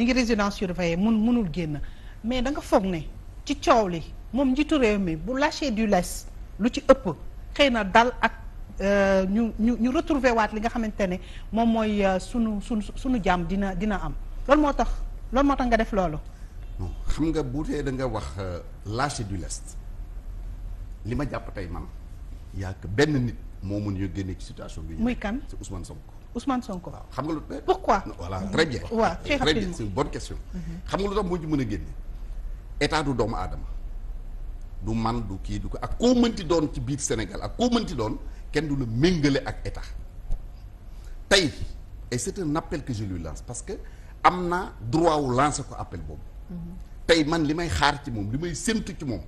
ñu ngi résidence surveillée mun munul génn mais danga foog ne ci coow li moom njiitu réew mi bu lâché du lest lu ci ëpp xëy na dal ak euh, ñu ñu ñu retrouver waat li nga xamante ne moom mooy euh, sunu sunu sunu jàmm dina dina am loolu moo tax loolu moo tax nga def loolu. xam nga bu tee da nga wax euh, lâché du lest li ma jàpp tey man yaa benn nit moo mun ñu génne ci situation bi. muy kan c'est Ousmane Ousmane Sonko. Ah, xam nga lu pourquoi. voilà très bien. waaw très bien c'est une bonne question. Mhm. xam nga lu tax moo ci mën a génne état du doomu aadama du man du kii du ko ak koo mënti doon ci biir Sénégal ak koo mënti doon kenn du la méngale ak état tey et c'est un appel que je lui lance parce que am na droit wu lancer ko appel boobu. Mhm. tey man li may xaar ci moom li may séntu ci moom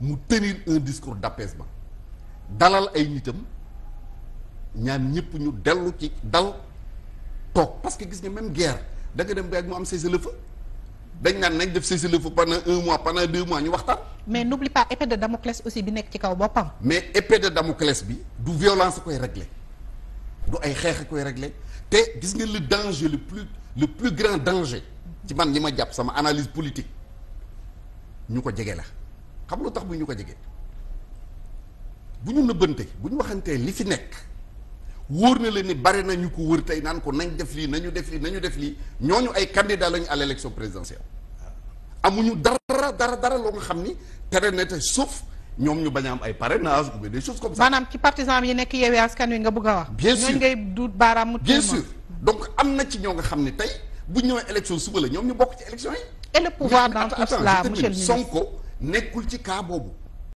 mu tenir un discours d'apaisement dalal ay nitam. ñaan ñëpp ñu dellu ci dal toog parce que gis nga même guerre da nga dem ba ak mu am cessez-le-feu dañ naan nañ def cessez-le-feu pendant un mois pendant deux mois ñu waxtaan. mais n'oublie pas épée de Damoclès aussi bi nekk ci kaw boppam. mais épée de Damoclès bi du violence koy régler du ay xeex koy régler te gis nga le danger le plus le plus grand danger ci man li ma jàpp sama analyse politique ñu ko jege la xam lu tax bu ñu ko jege bu ñu nëbbante bu ñu waxantee li fi nekk. wóor na leen ni bare nañu ñu ko wër tey naan ko nañ def lii nañu def lii nañu def lii ñooñu ay candidat lañu à l' élection présidentielle. amuñu dara dara dara loo nga xam ni tere na te suuf ñoom ñu bañ am ay parrainage ou bien des choses comme maanaam ci partisan yi nekk Yewwi Askan Wi nga bëgg a wax. bien sûr ñooñu ngay donc am na ci ñoo nga xam ne tey bu ñu ñëwee élection suba la ñoom ñu bokk ci élection yi. et le pouvoir dans tout cela monsieur le nekkul ci kaa boobu.